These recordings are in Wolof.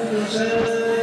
人生。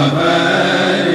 Amen.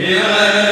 Yeah.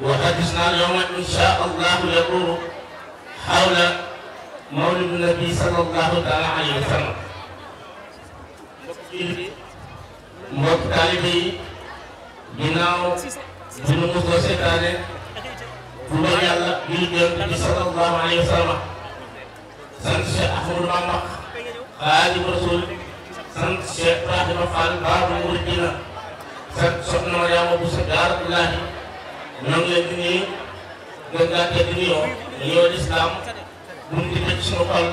وحدثنا يوما إن شاء الله يدور حول مولد النبي صلى الله تعالى عليه وسلم mbokk taalibe yi ginnaaw bi nu mosoo seetaane bu doon yàlla ngir yonent bi sallallahu alayhi wa sallam sant Cheikh Ahmadou Bamba Xaadimu Rasuul sant Cheikh Ibrahima Fall Baabul Muriidiina sant soxna Mariama Bousso Jaaratullaahi noonu la ñu nii gàncax gi nuyoo nuyoo lislaam bu ñu di tëj suñu xol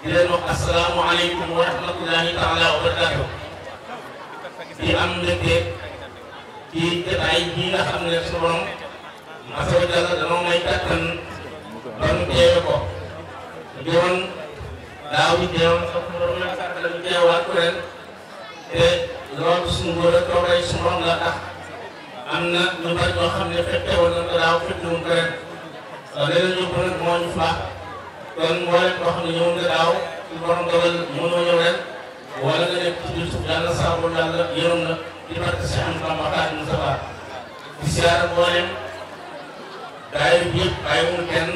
di leen wax asalaamualeykum wa rahmatullahi taala wa barakaatu di am mbégte ci jotaay bii nga xam ne suñu borom Azza wa Jalla danoo may kattan ba mu teewe ko joon daaw bi teewoon sax mu doon may kattan la mu teewaat ko ren te loolu suñu góor a toogay suñu borom la tax. am na ñu bari ñoo xam ne fekke woon nañ ko daaw fekke wuñ ko ñu ko nag moo ñu faax kon mboolem koo xam ne ñëw nga daaw ci borom dogal mënoo ñëw ren wala nga nekk ci biir suuf yàlla saabu yàlla yërëm na di barke si am Bamba Xaadimu Mustafaa di siyaara mboolem daayira bi yëpp bàyyiwul kenn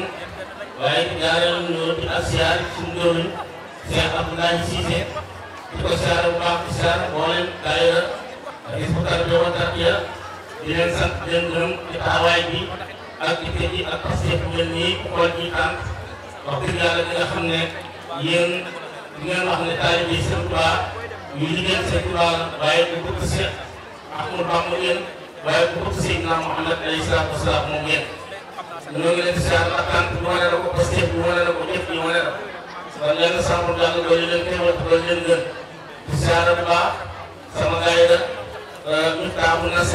waaye di jaareel ñëw ci ak siyaar suñu jëriñ Cheikh Abdoulaye Cissé di ko siyaara bu baax di siyaara mboolem daayira Hizbut Tarqiyyah wa Tarqiyyah di leen sant di leen gërëm ci taxawaay bi ak itte ji ak pastéef bu mel nii ku xool ji tànk wax dëgg yàlla di nga xam ne yéen di ngeen wax ne taalibe yi Sëñ Tuubaa yu liggéeyal Sëñ Tuubaa la waaye bu bëgg Seex Ahmadu Bamba ngeen waaye bu bëgg Seydina Muhammad alayhi salaatu wasalaam moom ngeen ñoo ngi leen di siyaar ak tànk bi wane na ko pastéef bi wane na ko jëf yi wane na ko kon lenn sàmm daal doole leen teewal doole leen gën di siyaar bu baax sama gaay la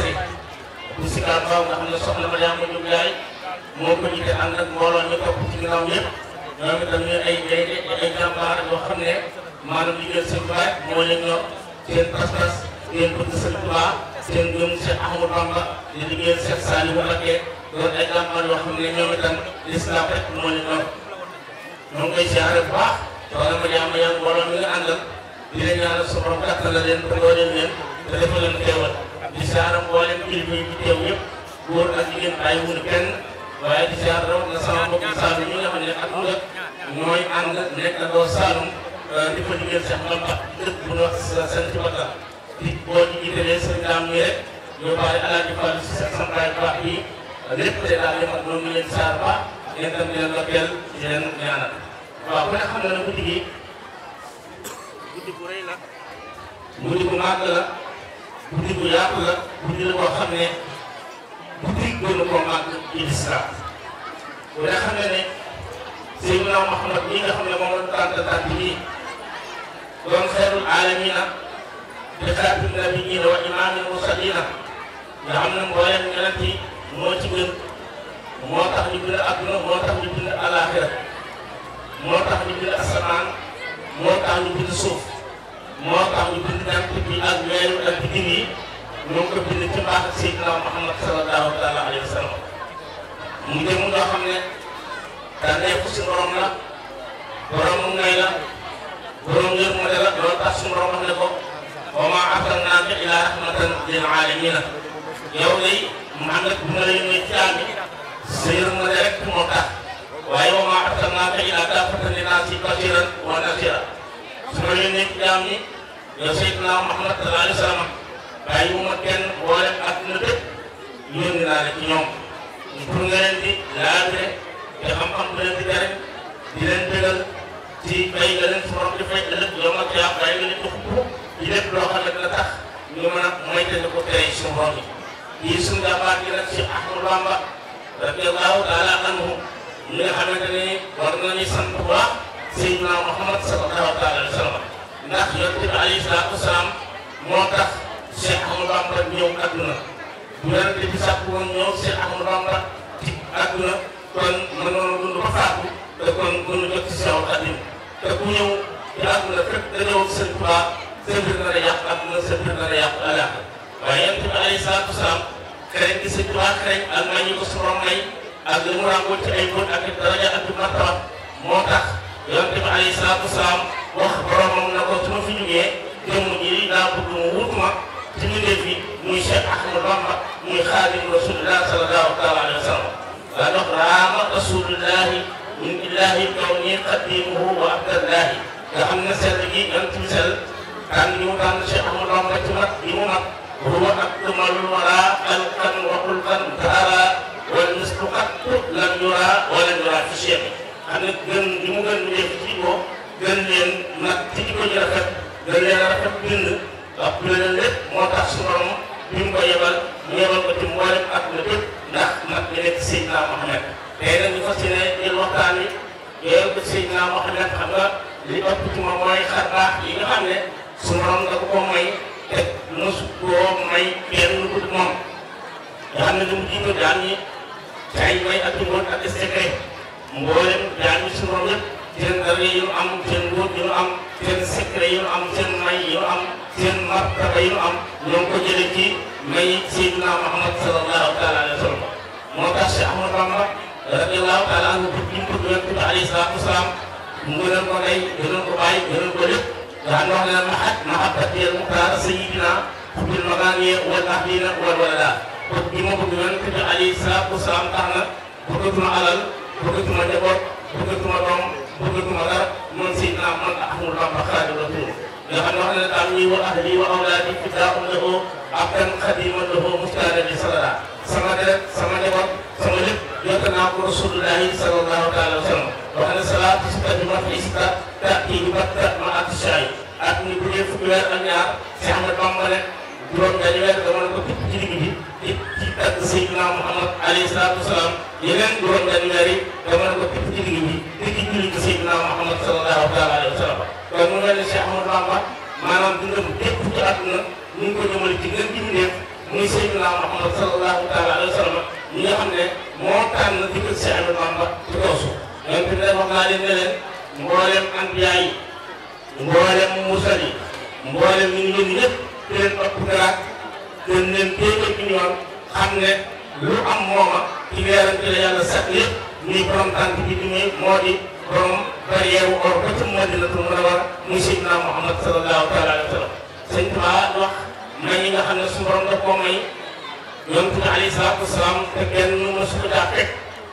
eh, bu Sika Mbaw nga xam ne soxna Mariama Diop Ndiaye moo ko jiite ànd ak mbooloo ñu topp ci ginnaaw yëpp ñoom itam ñu ay gaynde ay jàmbaar yoo xam ne pas-pas seen bëgg seen Tuubaa seen gëm Cheikh Ahmadou Bamba di liggéey Cheikh Saliou Mbacké doon ay jàmbaar yoo xam ne ñoom di siyaara mboolem kilifa yi teew yëpp góor ak jigéen bàyyi wunu kenn waaye di siyaara raw na sama mbokk Saalum yi nga euh, di fa liggéeyal Cheikh Bamba dëkk bu di boo ñu jiitalee seen daam yi rek di mat noonu di leen lokkeel di leen ñaanal waaw ku ne xam nga ne guddi gi guddi bu rëy la lah, guddi bu yaatu guddi la boo xam ne guddi gën a ko màgg ci lislaam xam ne ne Seydina Muhammad mi nga xam ne moom la tànn tànn nii doon xeerul aalamina di xaatim nabiyyiina wa imaamil mursaliina nga ne mbooleem yonent moo ci gën moo tax ñu bind adduna moo tax ñu bind alaaxira moo tax ñu bind asamaan moo tax ñu bind suuf. moo tax ñu bind daan ko bi ak weeru ak digin yi ñoo ngi ko bind ci mbaax ak Seydina Muhammad sallallahu taala alayhi wa sallam mu jëm loo xam ne daanaka suñu borom la borom ngay la borom yërmande la loolu tax suñu borom wax ne ko wa maa arsalnaaka illaa rahmatan lil aalamiin yow lay Muhammad bu ma la yónnee ci àll moo tax waaye wa maa arsalnaaka illaa kaaffatan linnaasi bashiran wa nadhiiran su ma yónnee ci jaam ñi yow Seydina Muhammad sallallahu alayhi wa bàyyi wu ma kenn boole ak na bépp yónni naa la ñoom pour nga leen di laajte te xam-xam bu leen di di leen dëgal ci bay nga leen su di fay ëllëg yow nga jaam bàyyi nga leen di loo xam ne dina tax ñu mën a moytandi ko tere suñu borom yi. kii suñu dafaat gi nag Cheikh Ahmadou Bamba radiyallahu taala anhu ñi nga xamante ne war nañu sant bu baax Seydina Muhammad sallallahu alayhi wa sallam ndax yonent bi alayhi salaatu wasalaam moo tax Cheikh Ahmadou Bamba ñëw adduna bu yonent bi sàkk woon ñëw Cheikh Ahmadou Bamba ci adduna kon mënoon dund ba faatu te kon gën a jot ci Seexul Xadiim te ku ñëw ci adduna fépp dañoo Sëriñ Tuubaa sa mbir na la yàq adduna sa mbir na la yàq alaaka waaye yonent bi alayhi salaatu wasalaam xereñ gi Sëriñ Tuubaa xereñ ak ci ay góor ak daraja ak martaba moo tax. yonent bi alayhi salaatu wasalaam wax boromam na ko su ma fi jógee jëmm ji daa bëgg mu wut ma ci mbindeef yi muy Cheikh Ahmadou Bamba muy xaadim rasulillah sallallahu taala alayhi wa sallam la dox raama rasulillahi min illahi kaw nii xadimuhu wa abdallahi nga xam ne sell gi yonent bi sell tànn ñu tànn Cheikh Ahmadou Bamba ci mat bi mu mat huwa akmalul wara xalqan wa xulqan taala baati sukkanni makko isikat taɗɗini battat ma atu sayi atni ko ɗe fukki weer ak ñaar si ci ci tagg seydina ci digg yéen fi ne wax naa leen ne mboolem anbiya yi mboolem mursal yi mboolem ñu ngi ñëpp te leen topp dara gën leen téeméer ñoom xam ne lu am mooma ci weerante la yàlla set yëpp muy borom tànk bi di muy moo di borom barrière wu or ba ca Madinatul Muhammad sallallahu wax may nga xam ne suñu borom daf koo may yonent bi alayhi salaatu wasalaam te kenn mu ma suñu daa fekk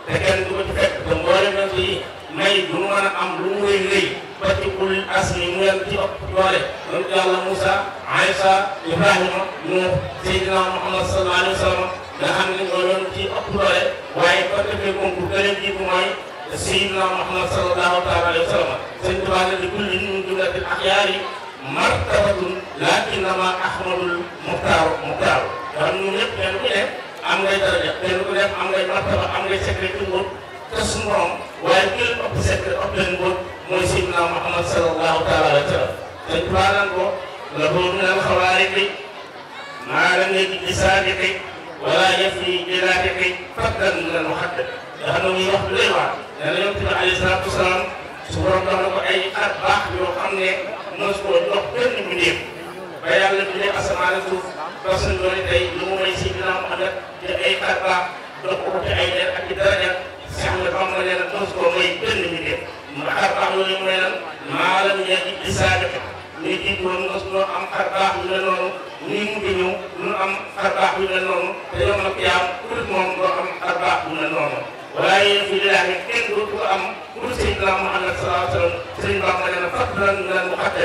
dajale du ko ci fekk te mboolem nag yi may bu nu mën a am lu mu rëy rëy ba ci kul asmi mu yàgg ci ëpp doole loolu yàlla Moussa Aïssa Ibrahima Nuux Seydina Muhammad sallallahu alayhi wa sallam nga xam ne ñoo doon ci ëpp doole waaye ba defee concours gën a jiitu mooy Seydina Muhammad sallallahu taala alayhi wa sallam sëñ Tuubaa ne li kulli min jumlatil axyaar yi martabatun lakinnama ahmadul muxtaaru muxtaaru xam ñun ñëpp kenn ku ne am ngay daraja kenn ku nekk am ngay martaba am ngay secret ci nguur te suñu borom waaye ku leen ëpp secret ëpp leen nguur mooy Seydina Muhammad sallallahu taala alayhi wa sallam te Tuubaa min al xawaariqi maa lam yajid li saabiqi wala yafi jilaabiqi min al muhaddaq nga xam ne wax lay wax nee na Yonent bi alayhi su borom dox ay at baax yoo xam ne mos koo jox benn mbindeef ba yàlla bindee asamaan ak suuf ba suñu doon tey lu mu may si dina am ko ci ay leer ak ci daraja sax mu ne la mos ko may benn bi def ma xar baax loolu mu ne la maa la mujjee ci isaani ñu jiitu woon am xar baax yu noonu nii mu ngi ñëw ñu am xar baax yu noonu te yow nag yaa am ku moom doo am xar baax yu noonu. waaye yéen fii kenn dootu ko am pour Seydina Muhammad sallallahu alayhi wa sallam Sëriñ Bamba nee na fàttali lan mu xàtte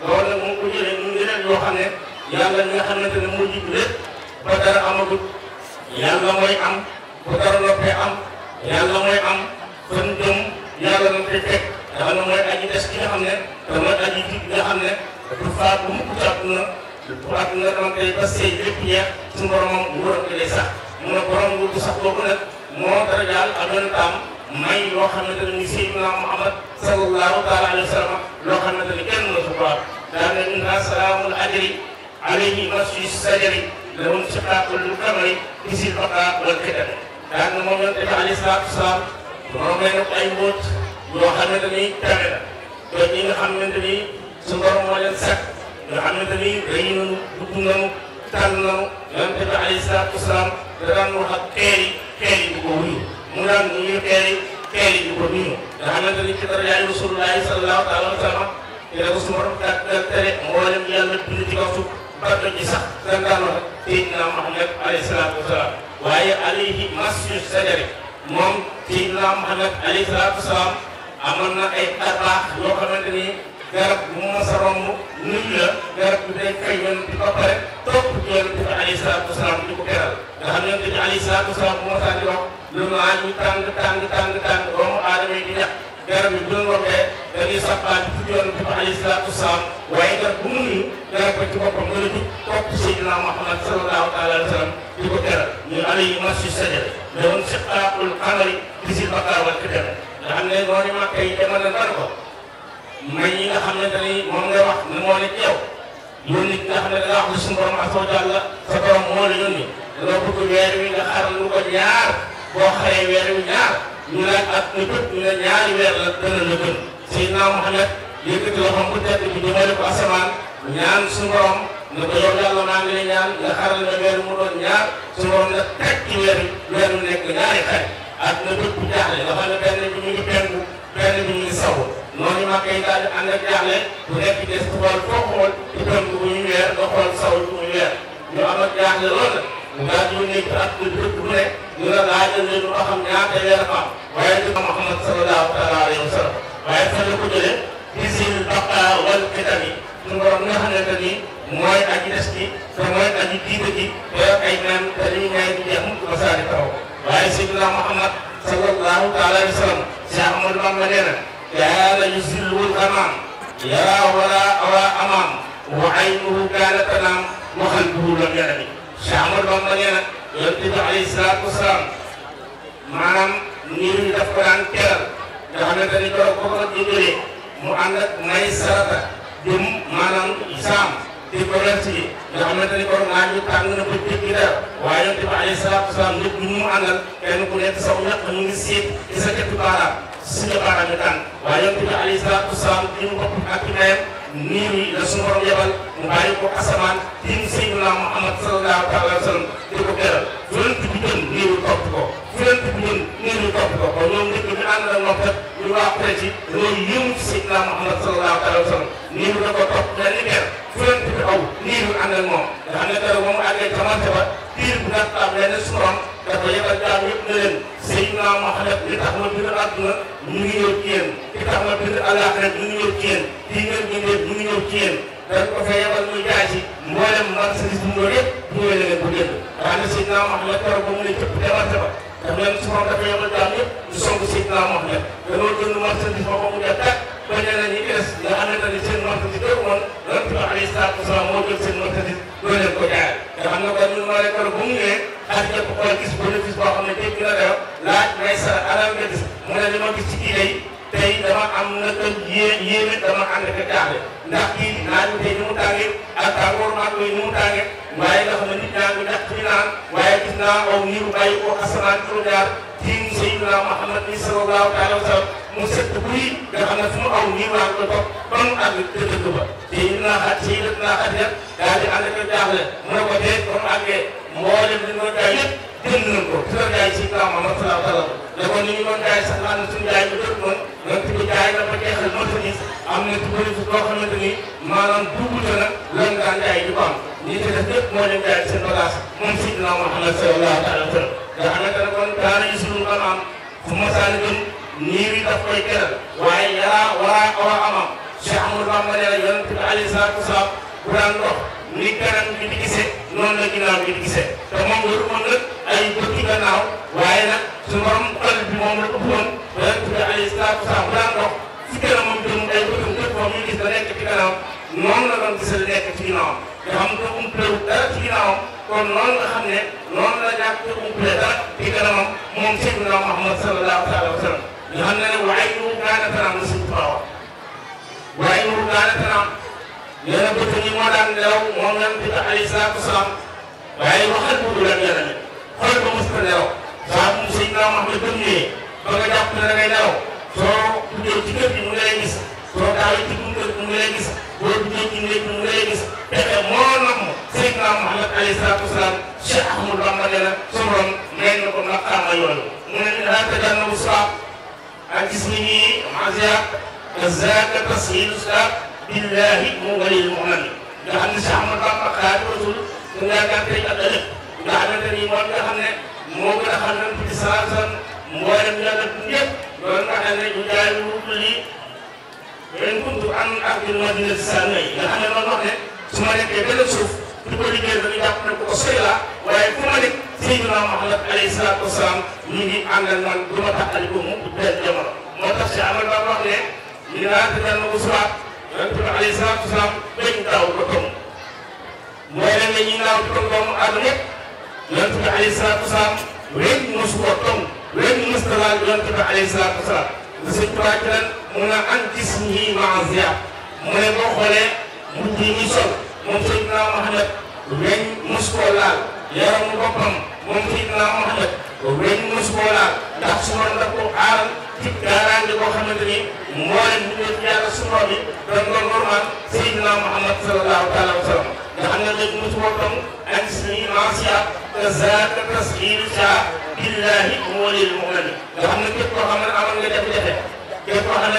loolu nag mu ngi ko jëlee mu ngi yoo xam ne yàlla mi nga xamante ne moo jiitu lépp ba dara amagut yàlla mooy am ba dara noppee am yàlla mooy am fan jëm yàlla nañ koy teg nga xam ne mooy des ki nga xam ne te mooy aji ji nga xam ne du faatu mukk ci àdduna bu àdduna dama koy ba sëy lépp ñeex suñu boromam nguuram gi day sax mu ne borom nguur gu sax boobu nag moo dara jaal ak yonentaam may loo xamante ne ni Seydina Muhammad sallallahu taala alayhi wa sallam loo xamante ne kenn mësu ko am daanaka inna salaamul ajri alayhi la masjid sajari lahum siqaaqul kamari isil baqa wal xitami daanaka moom yonent bi alayhi salaatu salaam moom lay def ay mbóot yoo xamante ni tame la kon ñi nga xamante ni su borom moo leen sax nga xamante ni rëy nañu gudd nañu tànn nañu yonent bi alayhi salaatu salaam da daan wax ak xeer yi xeer yi du ko wuyu mu naan mu ñu teeri teeri ji ko nii nga xamante ni ci darajaay rasulullahi sallallahu taala wa sallam ci la ko suma kat kat tere mboolem yàlla bind ci kaw suuf barke ji sax dantaan wax Seydina Muhammad alayhi salaatu wa salaam waaye alayhi masju sajari moom Seydina Muhammad alayhi salaatu wa salaam amoon na ay arbaax yoo xamante ni garab bu mu mos a romb nuyu la garab bi day fay yonent bi ba pare topp ci yonent bi alayhi salaatu wasalaam di ko teral nga xam yonent bi alayhi salaatu wasalaam bu mos a di wax lu naaj wi tàng tàng tàng tàng doomu aadama yi di ñàkk garab yi bu doon rombee dañuy sàppaat ci yonent bi alayhi salaatu wasalaam waaye garab bu mu nuyu garab ba ci boppam nga la jug topp Seydina Muhammad sallallahu taala alayhi wa sallam di ko teral ñu alayhi masu sajara doon siqaaqul qamari bisil baqaar wal qadar nga xam ne noonu màkk yi jamono nan ko may yi nga xamante ni moom nga wax ne moo ne ci yow yónni ki ne da wax ne suñu borom asoo jàll sa borom moo la yónni loo bëgg weer wi nga xaral lu ko ñaar boo xaree weer wi ñaar ñu laaj ak nga ñu ne ñaari weer la dana la gën Seydina Muhammad yëkkati loxoom ne ko yow yàlla mu teg ci weer wi weer nekk ñaari xare ak nga bu jaaxle nga ne benn bi mu ngi penku benn bi muy saw noonu ma koy daal di ànd ak jaaxle bu nekk des ci wàllu foo xool itam bu muy weer nga xool saw bu muy weer ñu am ak jaaxle lool mu daal di nekk ak dëkk bu nekk ñu la laajal leen ba xam ñaata weer fa waaye di Muhammad sallallahu taala alayhi wa sallam waaye fan la ko jëlee bisil baqa wal kitami suñu borom nga xamante ni mooy aji des gi te mooy aji diite gi te ay naan te li ñu ñaan di jeex ko saa taw waaye Seydina Muhammad sallallahu taala alayhi wa sallam Cheikh Amadou Bamba nee na kaana yuzillul amaam yaraa walaa awaa amaam wa aynuhu kaanat tanaam wa qalbuhu lam yanam Cheikh Amadou Bamba nee na yonent bi alayhi salaatu wa salaam maanaam niir yi daf ko daan teral nga xamante ni keroog ko ko jógee mu ànd ak may sarata jëm maanaam saam di ko remercier nga xamante ni kon naaj wi tàng ko jéggi dara waaye yonent bi alayhi salaatu wasalaam nit ñi mu àndal kenn ku nekk saw ñaq mu ngi siit ci sa catu baaraam suñu baaraam yi tàng waaye yonent salaatu wasalaam di mu bopp ak ndeyam niir yi la suñu yebal mu bàyyi ko asamaan di mu Seydina Muhammad sallallahu alayhi wa sallam di ko beral yonent bi gën ko fu leen tudd ñun ñu topp ko kon ñoom nit ñi ñu ànd ak moom kat ñu waa ci loolu yëngu ci Seydina Muhammad sallallahu alayhi wa sallam nii da ko topp benn kër fu leen tudd aw nii ñu ànd ak moom nga xam ne keroog moom àggee ca martaba biir bu nga xam ne su borom dafa yebal jaam yëpp ne leen Seydina Muhammad li tax ma bind àdduna ñu ngi ñëw ci yéen li tax ma bind àllaaxira ñu ngi ñëw ci yéen di ngeen bindee ñu ngi ñëw ci yéen dañ ko fa yebal muy jaay ci mboolem marchandise bu mu doon yëpp bu ñëwee la leen ko jënd nga xam ne Seydina Muhammad keroog ba mu ne cëpp ca martaba daf leen si moom dafa yombal jaam yëpp ñu song si la moom def jënd marchandise ba mu def tàkk ba nee na ñi nga xamante ni seen marchandise doo woon yonent bi alayhi salaatu wa salaam nga xam ne ma lay bu mu ñëwee xaj nga ko xool gis bénéfice boo xam ne dégg na dayo laaj ngay sa alal nga gis mu ne li ma gis ci kii day tey dama am na ko yéeme dama ànd ak jaaxle ndax kii naaj bi tey ni mu tàngee ak nit ñaa ngi ñàkk ñu naan sayyidina aw ni mu bàyyi ko asamaan juróom-ñaar diin sayyidina Muhammad bi sallallahu alayhi wa sallam mu set buy nga xam ne fu aw nii laa ko topp ba mu àgg dëkk ba te naa xat si yéen ko dee ba mu àggee mboolem li ñu yëpp jënd nañ ko su la jaay si kaw ma sa laaw da ko ni ñu doon jaay sax maanaam suñu jaay bi dëkk moom donc bi jaay na ba jeexal mënta gis am na ci bëri boo xamante ni maanaam dugg na nag lan di ko li ñu fi def lépp moo dem jaay seen moom si dina ma xam ne sallallahu alayhi kon daanañu suñu am am fu ma saani nii wi daf koy keral waaye yàlla wara awa amam Cheikh Amadou Bamba nee na yonent bi alayhi salaatu wa salaam bu daan dox ni kanam bi di noonu la ginnaaw bi di te moom waru woon nag ay bëtti gannaaw waaye nag su moom la ëpp woon yonent bi alayhi salaatu wa salaam bu daan dox si kanamam jëm ay bëtam fa muy gis la nekk la doon gis la nekk ci ginnaawam kon noonu nga xam ne noonu la ñàkk te umpale dara ci kanamam Muhammad sallallahu alayhi wa nga xam ne ne waaye yu gaana tanaam la suñu tubaab waaye yu gaana tanaam yéen a bëgg moo daan nelaw moom lañ di ko alayhi salaatu wasalaam waaye waxal bu dul ak yéen a xool ba mos ko nelaw saa bu Seydina Muhammad ba nga jàpp ne da ngay soo tuddee ci kër gi yàlla ci dundal mu ngi lay gis boo duggee ci néeg mu ngi lay gis pexe moo namm Seydina Muhammad alayhi salaatu wasalaam Cheikh Ahmadou Bamba nee na sa borom may na ko maqaama yooyu mu ne ni daa tajannabu siraat ak gis ni nii masia kazaka tashilu siraat billahi mu walil mu'min nga xam ne Cheikh Ahmadou Bamba Xaadimu Rasuul mu yaakaar tey ak ëllëg nga xamante ni moom nga xam ne moo gën a xam nan bi di salaatu salaam mboolem yàlla ñëpp loolu nga xam ne ñu jaay lu lii yooyu kuntu am ak yu ma dina si saan may nga xam ne man ne su ma nekkee benn suuf di ko liggéey dañu jàpp ne ku ko sori waaye fu ma nekk Seydina Muhammad alayhi salaatu wa salaam ma taxali ne ñu naan te daan ko suwaat yonent bi alayhi salaatu wa salaam dañ daaw mooy leen ñi naaw di tom doomu aadama yëpp yonent bi alayhi salaatu wa salaam léegi mosu ko tom léegi mos na laal yonent bi alayhi salaatu wa Sëñ Tuubaa ci lan mu ne an gis ñii maa mu ne boo xoolee mujj yi muy sol moom Seydina Muhammad weñ mus koo laal yaramu boppam Seydina Muhammad weñ mus koo laal ndax su ma daf ko aaral ci ni mboolem ñu def yàlla suñu bi dañ ko normal sallam nga xam ne léegi mus koo tam an zaat tasxiir saa billahi moo lil mu'min nga xam ne képp xam ne amal nga jafe-jafe képp xam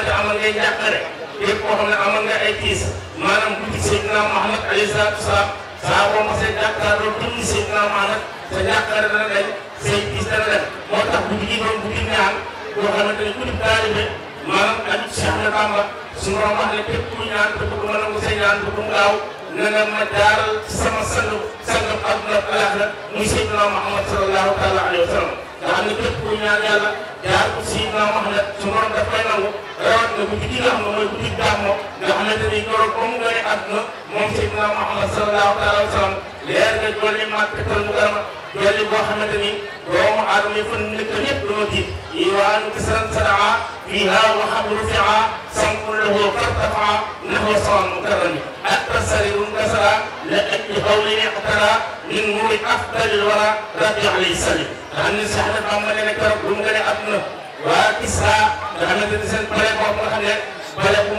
ne amal nga ay tiis maanaam guddi Seydina Muhammad alayhi salaatu salaam saa boo ma see jàkkaarloo guddi Seydina Muhammad sa njàqare dana dañ say tiis dana dañ moo tax guddi doon guddi ñaan boo xamante ne guddi taalibe maanaam amit Cheikh na Bamba suñu ne képp kuy ñaan te bëgg mën a say ñaan bëgg mu gaaw na nga ma daaral ci sama sangu sangu adduna ak alaaxira muy Seydina Muhammad sallallahu taala alayhi wa sallam nga xam ne képp ku ñaan yàlla jaar ko si naa wax ne su noonu daf koy nangu rawat na bu ci nga xam ne mooy bu ci gàmmo nga xamante ni keroog ba mu gën a àdduna moom Seydina Muhammad sallallahu alayhi wa sallam leer nga jolli màkkatal mu garama jolli boo xamante ni doomu aadama yi fan nekk ñëpp doo tiit iwaanu kisan sadaa fiha wa xabru fia sankun lahu kartafaa nahu sawan mukarrami atta sarirun kasara la ajli xawli iqtara min muri afdalil wara rabbi alayhi salim xam ne sax dafa am ma ne keroog bu mu gën a àdduna na waa ISRA nga xamante ni seen bële boobu nga xam ne bële bu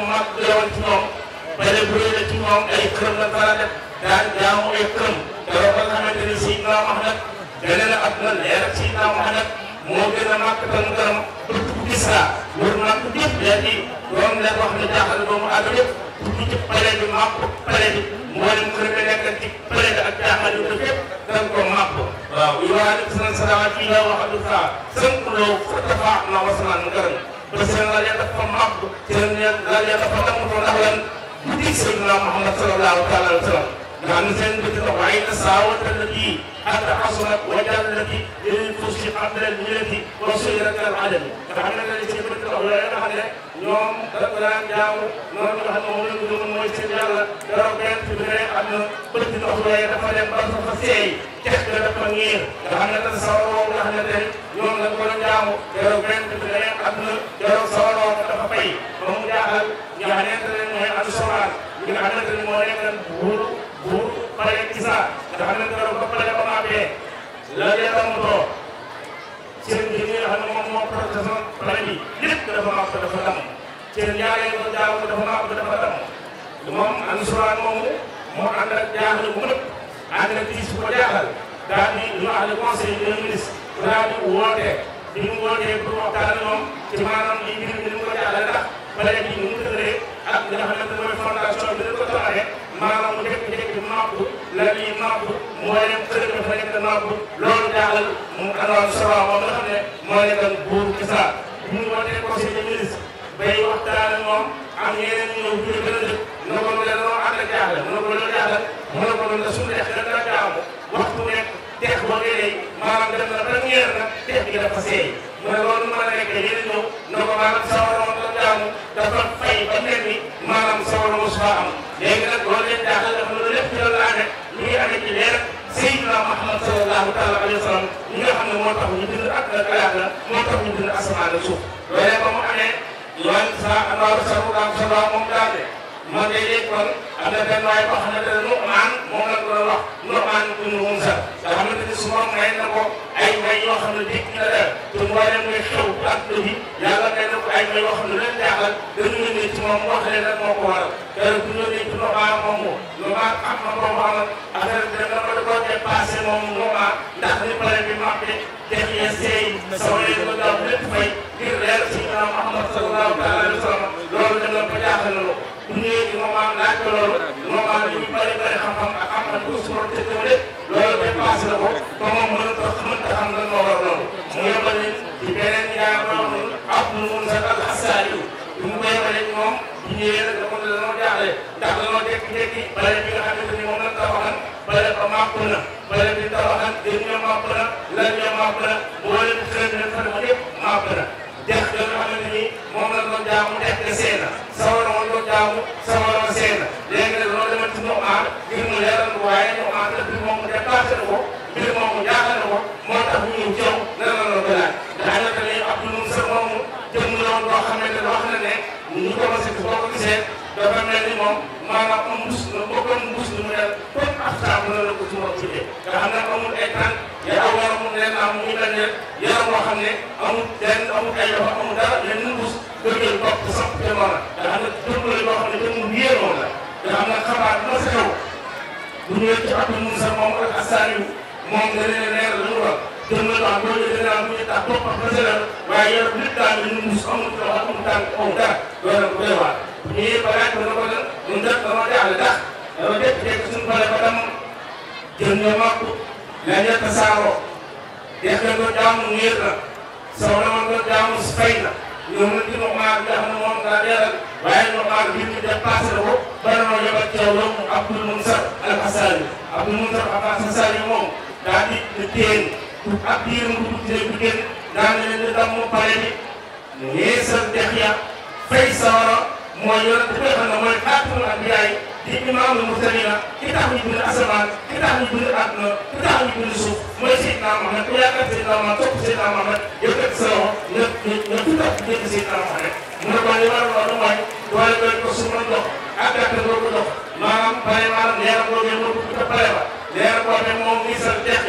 ci ñoom bële bu ci ñoom ay këram la daan jaamu ay këram dara ba nga xamante ni Seydina Muhammad na àdduna leer ak Seydina Muhammad moo gën a màkk tan këram dugg ISRA wër màkk yëpp leer yi doon leen wax ne jaaxal doomu aadama yëpp ci pale bi màpp pale bi mboolem kër ga nekk ci pale bi ak jaaxal yu def yëpp dañ ko màpp waaw yowaani sanan salawaat yi la waxadu saa sënk loo fatafaax na wasanaan ngërëm ba seen lal ya dafa màpp seen lal ya dafa damuto ndax lan bu dig Seydina Muhammad sallallahu taala wa sallam يعنزل بتنوعين ساوت التي قد حصلت وجلت للفصل قبل الملة وصيرة العدم فعلا الذي بتنوع ولا حدا يوم تقران جاو نور الله نور بدون مويسر يلا دربين في بناء عدم بتنوع ولا دفن بس فسي تحت الفنير فعلا تصور الله نتهي يوم نقول جاو دربين في بناء عدم درب صور وتفقي فهم جاهل يعني أنت اللي هي أنصار يعني أنت اللي هو pour pare isa nga xam ne dara ba pare ba màggee la yaramutoo seen bi nga xam ne moom moo proté sama pare bi lépp dafa màgg dafa dam seen yaaree ko jaamu dafa màgg dafa dam moom ansuraan moomu moo ànd ak jaaxle bu nëpp ànd ak tiis bu ko jaaxal daal di ñu wax le conseil des ministres daal di woote di mu wootee pour ci maanaam lii mbir mi ni ko jaaxle ndax pare bi ni mu tëddee ak li nga xam mooy fondation bi dañ maanaam mu njëkk njëkk napp la ñuy napp mooy dem xëy na dafa nekk napp loolu jaaxal mu anam sabaa moom xam ne moo nekkoon buur Kisaa bu ñu wootee conseil des ministres bay waxtaan ak moom am yeneen ñëw ñu gën a dëkk na ko doon dañoo ànd ak jaaxle mu ne ko doon jaaxle mu ne ko doon suñu dex dañ la jaamu waxtu nekk ne loolu mën a nekk yeneen na ko maanaam sawar woon la jaamu dafa fay ba mel ni maanaam sawar mos faa am léegi nag loolu leen jaaxal dafa loolu lépp ci loolu la amee ñu ngi amee ci leer Seydina Muhammad sallallahu xam ne moo tax ñu bind ak nag alaaxira moo tax ñu bind asamaan ak suuf loolee ba mu amee yoon sa anwaaru sarbu daam sa moom daal de moo day léegi kon am na benn waay boo xamante ne Nu'maan moom la ko doon wax Nu'maan ibn Munzir nga xamante ne su moom may na ko ay may yoo xam ne dégg na dara te mboolem muy xew àdduna bi yàlla may na ko ay may yoo xam ne leen jaaxal dañu yónnee ci moom wax leen lan moo ko waral keroog bu ñu yónnee ci Nu'maan moomu Nu'maan am na boo xamal affaire bi dama da koo dépassé moom Nu'maan ndax ni problème bi marqué def ya seey sama leen ko daw lépp fay ba moom mënut a mënut a xam lan moo war a doon mu yóbbale ci beneen yaa noonu Abdul Munsir al Assaali bi mu ko yóbbale ci moom bu ñëwee nag dafa dañoo jaaxle ndax dañoo jékki-jékki bële bi nga xamante ni moom lañ tabaxan bële ba màpp na bële bi tabaxan jën ña màpp na lan ña màpp na boole bi xëy na fa yëpp màpp na dex ga nga xamante ni moom la doon jaamu dex ga seen na sawara woon doon jaamu sawara woon seen na léegi nag loolu dama ci ñoom aar ngir mu leeral waaye ñoom aar dëkk bi moom mu déplacé na ko mbir moomu jaaxal na ko moo tax ñu ngi jëm nan la doon gëlaat daanaka ne Abdou Moussa moomu jëm na woon loo xamante ne wax na ne ñu ko mos a boo ko gisee dafa mel ni moom maanaam am mbuus la bokkoon mbuus lu mu mel comme ab saabu la la ko ci moom tuddee nga xam ne amul ay tànk yàlla waroon leen am muy mel ne yaram boo xam ne amul lenn amul ay loxo amul dara lenn mbuus dëggal bopp sax te noona nga xam ne dëgg la loo xam ne dëgg wéeroon la nga xam ne xabaar bu ma sa xew bu ñëwee ci Abdou Moussa moom ak Assane moom nga leen leer lu mu wax jëm na tax boo jëlee daal mu ñu tax topp ak bële la waaye yow nit daal ñu mus amul ci wax amul tànk aw dara loolu la ko doy waar ñii ba laaj ko na ko nag ñun def dama jaaxle ndax dama dégg dégg suñu bale ba tam jëm na màkku la Abdul Munsar al Asali Abdul Munsar al Asali moom daal di di téen ab diir mu dugg ci pare bi mu yeesal dex ya fay mooy yoon bi nga xam ne mooy di imaamul mursalina ki tax ñu bind asamaan ki tax ñu bind àdduna ki tax ñu bind suuf mooy Seydina Muhammad ku yaakaar Seydina Muhammad topp Seydina Muhammad yëkkati sa nga nga nga tax war a doon mooy ko su ma jox ak gàttal boo ko jox maanaam pare maanaam leeram boo ñëw moo dugg te pare ba leer boobu moom misal dex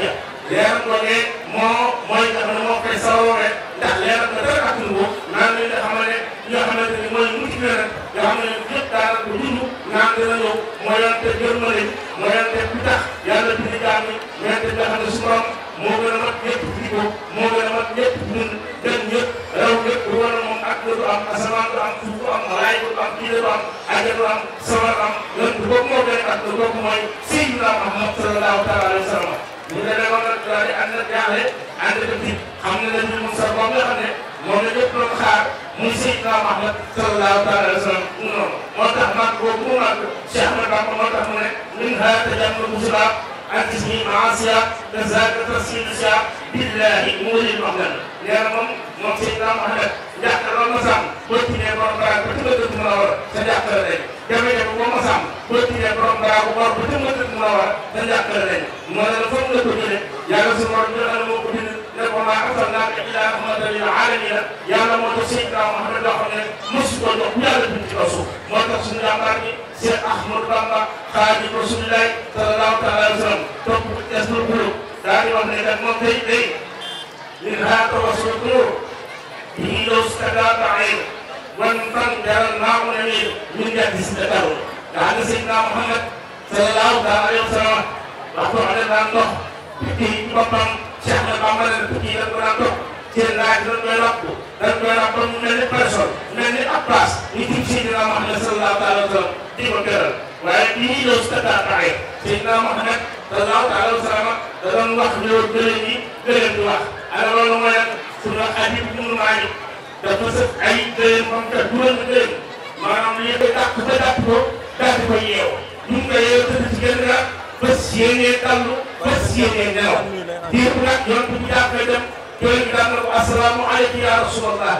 leer boobu moo mooy nga xam sawoore ndax leeral na dara ak suñu bopp naan lañu xam ne ñoo xamante ni mooy mucc bi rek yoo xam ne ñëpp daanaka ñun naan dina ñëw mooy yonte jërmale mooy yonte bu tax yàlla bi di jaam yi yonte bi nga xam ne su borom moo gën a mat ñëpp ci ko moo gën a mat ñëpp ñun dem ñëpp raw ñëpp lu war a moom ak la du am asamaan du am suuf du am laay du am kii du am aja du am sawar am lan du boobu moo gën a mat lu boobu mooy Seydina Muhammad sallallahu taala alayhi wa sallam bu demee ba nga daal di ànd ak jaaxle ànd ak nit ne dañu mun sax moom nga xam ne moom la ñëpp doon xaar muy Seydina Muhammad sallallahu taala alayhi wa sallam noonu moo tax màgg boobu mu màgg Cheikh Ahmad Bamba moo tax mu ne min ha tajamma busra ak gis ñi maasiya te zaaka tasmisia billahi muuril mahdan nee na moom moom Seydina Muhammad jàkk loolu ma sàmm boo tiinee borom dara ba tënga dëkk mu la war sa jàkk la dañ jafe-jafe boo ma sàmm boo tiinee borom dara bu bor ba tënga dëkk mu la war ne ko yàlla suñu borom ñu ne moo ko bind ne ko maa arsalnaaka illaa rahmatan lil aalamiina yàlla moo jox Seydina Muhammad loo xam ne mosu ko jox yàlla bind ci kaw suuf moo tax suñu jàmbaar ñi Cheikh Ahmadou Bamba xaadimu rasuulillaahi sallallaahu taala alayhi wa sallam topp des na gulu daa di wax ne kat moom tey day min haata wasul gulu bii law stadaata alayhi wan fan jaral naamu na nii min nga gis nga taw daa ne Seydina Muhammad sallallaahu taala alayhi wa sallam wax ko xam ne daan ndox tukki yi ci boppam Cheikh na Bamba la tukki yi dañ ko daan topp seen laaj dañ koy ràpp dañ koy ràpp mu mel ni personne mel ni ab place ñu tudd Seydina Muhammad sallallahu alayhi wa sallam di ko teral waaye bi ñuy ñëw si tëddaat taxee Seydina Muhammad sallallahu alayhi wa sallam da doon wax loolu gëlëm yi gëlëm di wax ana loolu mooy nag suñu Habib Ibnu Malik dafa sëf ay gëlëm moom te dugal na gëlëm maanaam li koy dàq te dàq ko dàq ko yeew ñu ngi koy yeew tëdd ci gën fas yéenee dallu fas yéenee nelaw diir bi nag yoon bi ñu daafay dem yooyu daan na ko asalaamaaleykum ya rasulallah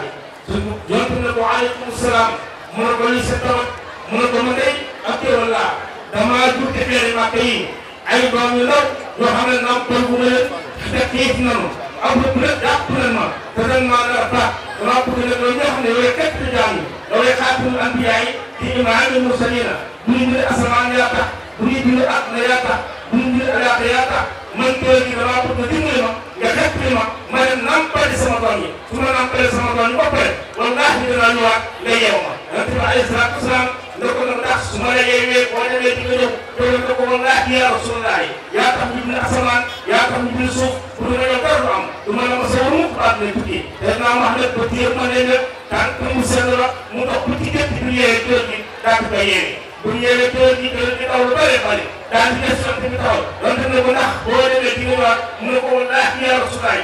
suñu yoon bi ne ko aleykum salaam mu ne ko li sa tawat mu ne ko ma day ak teewal laa damaa jur defeeri màkk yi ay doom yu ndaw yoo xam ne naam tool bu ma leen teg xiif nanu ab rëbb nag jàpp na ma te dañ maa dara baax damaa bëgg nag loolu ñoo xam ne yooyu képp jaam yi yooyu xaatimul anbiyaa yi di imaamul mursaliina buñu mbiri asamaan yaa tax bu ñuy julli àdduna yaa tax bu ñuy julli alaata yaa tax man teel ñu damaa bëgg nga dimbali ma nga xettali ma ma ne nampali sama doom yi su ma nampalee sama doom yi ba pare wallaahi ñu danaa ñëwaat nga yeew ma yonent bi alayhi salaatu wasalaam nga ko nag ndax su ma la yeewee boo demee di nga ñëw doon nga ko wallaahi yaa rasulallah yaa tax ñu bind asamaan yaa tax ñu bind suuf bu dul nga ñëw dara du am du ma la ma sawar mukk baat lay tukkee naa wax nag ba téye ne la tànk mu sell bu ñu ñëwee teel ñu teel ñu taw lu bëree bëri daan ci des sant bi taw donte ne ko ndax boo demee ci ñëwaat mu ne ko woon ndax ñaar sutaay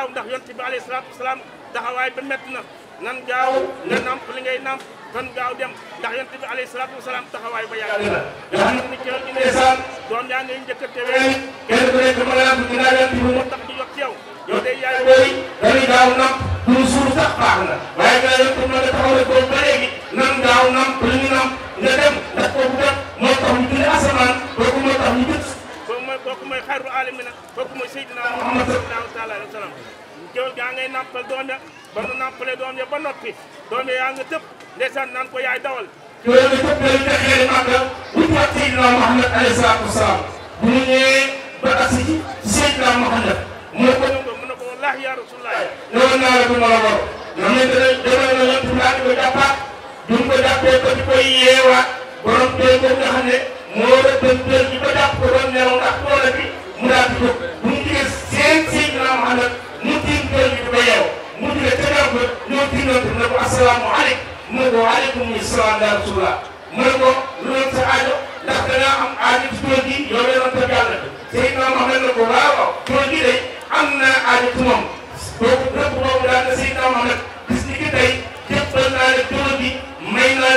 gaaw ndax yonte bi alayhi salaatu wasalaam taxawaay ba métti na nan gaaw nga namp li ngay namp kon gaaw dem ndax yonte bi alayhi salaatu wasalaam taxawaay ba yàgg na dafa ni kër gi ndeysaan doom yaa ngay njëkk a tewee kenn ku nekk kewel gaa ngay nàmpal doom ya ba nu nàmpalee doom ya ba noppi doom ya yaa nga tëb ndeysaan naan ko yaay dawal kewel bi tëb dañu taxee màgga wut waat Seydina Mouhamed alayhi salaatu wasalaam bu ñu ñëwee ba agsi ci Seydina Mouhamed mu ne ko mu ne ko wallaahi yaa rasulallah ñëwoon naa la bu ma la war ñoom ne dana demal na ñoom tulaa di ko jàppaat bu ñu ko jàppee ko di koy yeewaat borom tey ko nga xam ne moo rëddal tël bi ba jàpp ko doon nelaw ndax doole bi mu daal di jóg bu mu jigee seen Seydina Mouhamed ko yow mu jóge ca ndaw ba ñëw tiiloo te ne ko asalaamualeykum mu ne ko waaleykum salaam ya rasulallah mu ne ko lu doon sa aajo ndax am aajo ci tool gi yow yaa doon tëb yàlla Seydina Muhammad ne ko waaw waaw tool gi de am na aajo ci moom kooku lépp boobu daal tey jëppal naa la tool gi may naa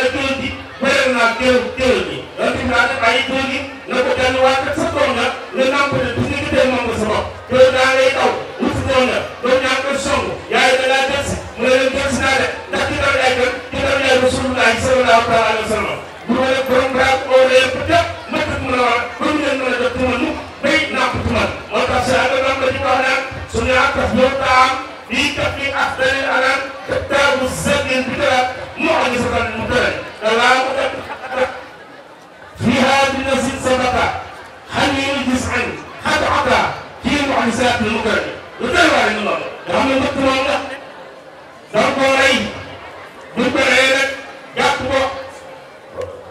bëri naa teew teew bi loolu tamit daal di bàyyi teew gi ne ko benn waa kat sa tool nga nga nàmpale bu ñu gëtee moom nga sa bopp teew daa ngay daw wut si tool nga doo ñaan ko song yaay da ngaa jël si mu ne leen jël si naa de ndax ki tam lay gën ki tam lay rasulullahi sallallahu taala alayhi wa sallam bu ma leen borom raab oo leen ko def mën na mën a wax ba mu leen mën a def tuman mu bay nàmp tuman moo tax si ànd nàmp di ko wax naan su ne ak taf ñoo taam lii kat li ak dalil anaan te taabu sëggin bi dara moo xam ne sa mu tëral كلام في هذا المسجد هل خليل جسعا قد عطى في المعجزات المكرمه وتابع الى الله رحم البت الله دار ري بنت ري رك جات بو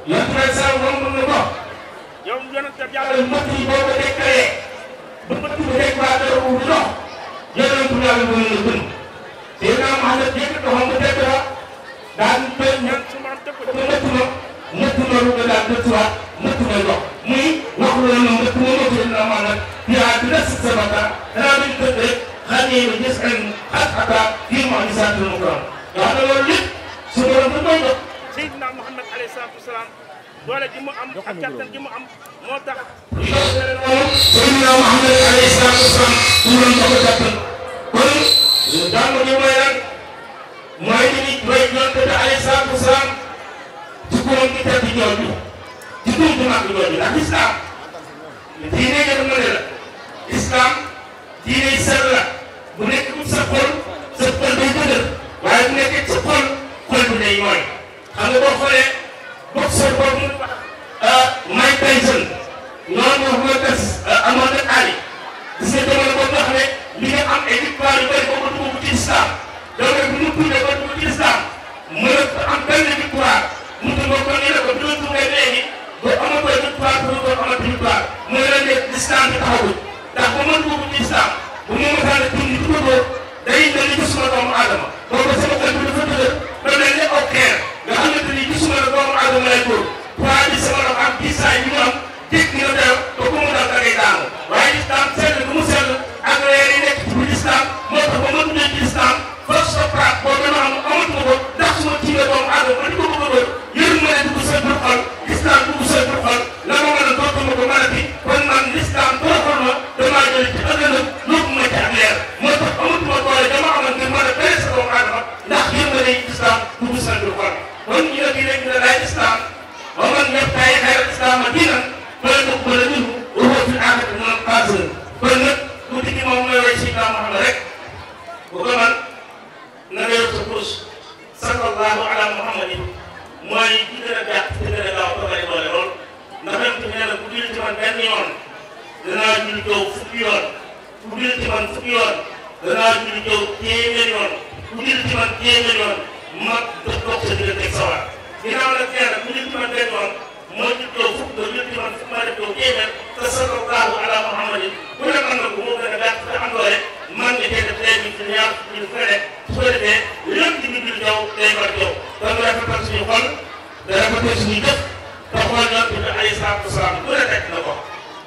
يطلع سام رم من بو يوم جنت جال المتي بو بدك ري بمتي بدك بعد روح يلا نقول يا بني بني سيدنا محمد جيت تهم بدك رأ دان te nattu na nattu na lu nga daan nattuwaat nattu na ndox muy wax la noonu nattu na ndox yi dina maanaam yaa dina si sabata danaa dañu tëdd rek xale yi ba gis xel xat xataa fii mu am isaat lu mu ko am yoo xam ne loolu lépp su borom da koy jox Seydina Muhammad alayhi salaatu wasalaam doole ji mu am ak kattan ji mu am moo tax Seydina Muhammad alayhi salaatu wasalaam su doon jox ko kattan kon jàng ji mooy lan mooy li ñuy doy yonte bi alayhi salaatu wasalaam góor ñi tedd jooju jikkoom bu mag jooju ndax islam diine yërmande la islam diine sell la bu nekk sa xol sa xol day dëgër waaye bu nekkee sa xol xol bi day mooy xam nga boo xoolee boxeur boobu ah, Mike Tyson noonu wax nga kas amoon na Ali gis nga jamono boobu nga xam ne li nga am ay victoire yu bëri boobu dugg ci islam donc bu ñu tuddee taxawul ndax ba ma dugg ci islam bu ma mënaan a dund du ko dóor day mel ni gisuma doomu aadama boobu sama xel bi dafa dëgër ba mel ni aw xeer nga xamante ni gisuma la doomu aadama lay dóor poids bi sama doom am dix saa yi mu am dégg nga daal ba ko mu dal da ngay daanu waaye islam sell bu mu sell ak leer yi nekk ci biir islam moo tax ba ma duggee ci islam force de frappe boo gën a am amatuma ko ndax su ma tiimee doomu aadama ba di ko bëgg a dóor yërmande dugg sa biir xol islam islam toogoon ma damaa ñëw ci ëllëg yóbbu ma ci ak leer moo tax amatuma doole dama amoon ngir mën a béy sa doomu aadama ndax yëg nga ne islam du ko sant lu kon kon ñu nag léegi ne laay islam ba man ñëpp tay xayral islam a dina bële na ko bële niru waxoo fi ànd ak moom passé kon nag guddi gi moom mooy way Seydina Muhammad rek bu ko man na nga yor sa kurus sallallahu ala muhammadin mooy ki gën a gàtt te gën a gaaw ba pare doole lool ndax même bu ñu nee la bu dul ci man benn yoon danaa julli jaww fukki yoon ku dil ci man fukki yoon danaa julli jaww téeméer yoon ku dil ci man téeméer yoon mag daf dox sa diggante ak sawar ginnaaw nag nee na ku dil ci man benn yoon mooy julli jaww fukk nga julli ci man fukk maa def jaww téeméer te sallallahu ala muhammadin ku ne am na ko moo gën a gàtt te am doole man nga cee def tey bi ci ñaar ñu fu ne su ko defee lépp di ñu julli jaww day mat jaww kon rafetal suñu xol rafetal suñu jëf te xool yoon bi alayhi salaatu wasalaam bu ne teg na ko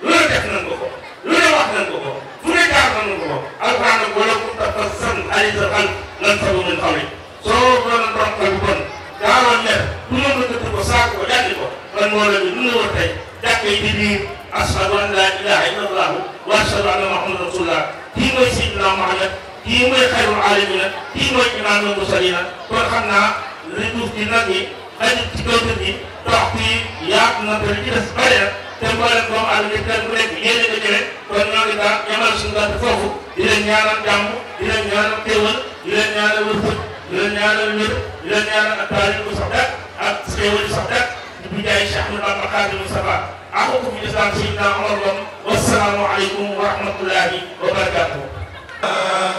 lu ne def nañ ko ko lu ne wax nañ ko ko fu ne jaar nañ ko ko alxuraan nag wala ku dafa san ali sa xan lan sabu min xaw yi soo doon doon ko bu bon gaaroon mer du ma mën a ko saako ko jànni ko man moo la bi lu ne war tey jàkka yi di biir ashadu an laa ilaha illa allah wa ashadu anna muhammadan rasulullah kii mooy sayyidina Muhammad kii mooy xayrul aalamiina kii mooy imaamul mursaliina kon xam naa li duuf ci nag yi xajul ci kaw tëdd yi dox bi yaatu na te li ci des bëri na te mboolem doomu aadama bi kenn ku nekk yéene nga jëlee kon ñoo ngi daal ñamal suñu dant foofu di leen ñaanal jàmm di leen ñaanal teewal di leen ñaanal wërsëg di leen ñaanal wér di leen ñaanal ak taal bu sax dàq ak xéewal yu sax dàq di bu jaay Cheikh Ahmadou Bamba Khadimou Moustapha ak ko fi islam sayyidina Omar Lom wassalaamu aleykum wa rahmatullahi wa barakatuh